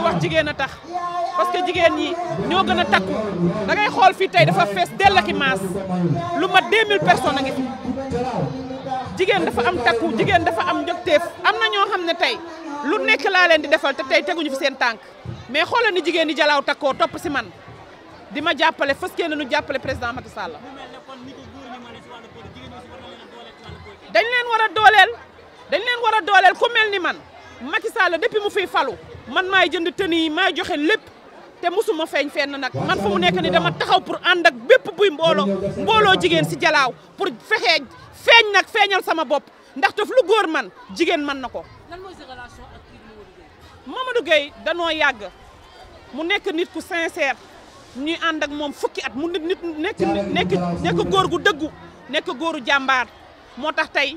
koy wax jigéen a tax parce que jigéen ñi ñoo gën a takku da xool fii tey dafa fees dell ak i maas lu mat 2000 personnes a jigéen dafa am takku jigéen dafa am njëgteef am na ñoo xam ne tey lu nekk laa leen di defal te tey teguñu fi seen tànk mais xoolal ni jigéen di jalaaw takkoo topp si man di ma jàppale fas yéene nu jàppale président Macky Sall dañ leen war a dooleel dañ leen war a dooleel ku mel ni man Macky Sall depuis mu fiy falu man may jënd tenue may joxe lepp té musuma feeñ fenn nak man fu mu nekk ni dama taxaw pour and ak bépp buy mbolo mbolo jigen ci jalaaw pour fexé feeñ nak feeñal sama bop ndax daf lu gor man jigen man nako lan moy sa relation ak Mamadou Gueye danoo yàgg mu nekk nit ku sincère ñuy and ak mom fukki at mu nit nit nekk nekk nekk gu deggu nekk goru jambar motax tay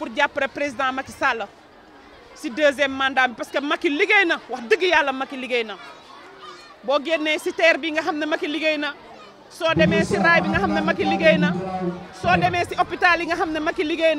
pour jàppale président Macky Sall si deuxième mandat parce que Macky liggéey wax dëgg yalla Macky liggéey Bo génné ci si terre bi nga xamné Macky liggéey so démé ci si raay bi nga xamné Macky liggéey so démé ci si hôpital yi nga xamné Macky liggéey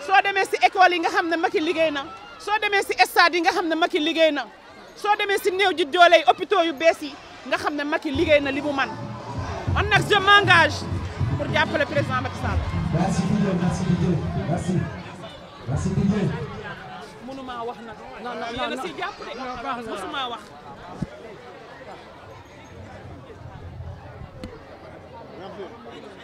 so démé ci si école yi nga xamné Macky liggéey so démé ci si stade yi nga xamné Macky liggéey so démé ci si ju ji doole hôpitaux yu bees yi nga xamné Macky liggéey na li mu man man nak je m'engage pour jàppale président Macky Sall. merci beaucoup merci beaucoup merci. merci DJ. mënuma wax nag. non non non yéen a siy jàpp de.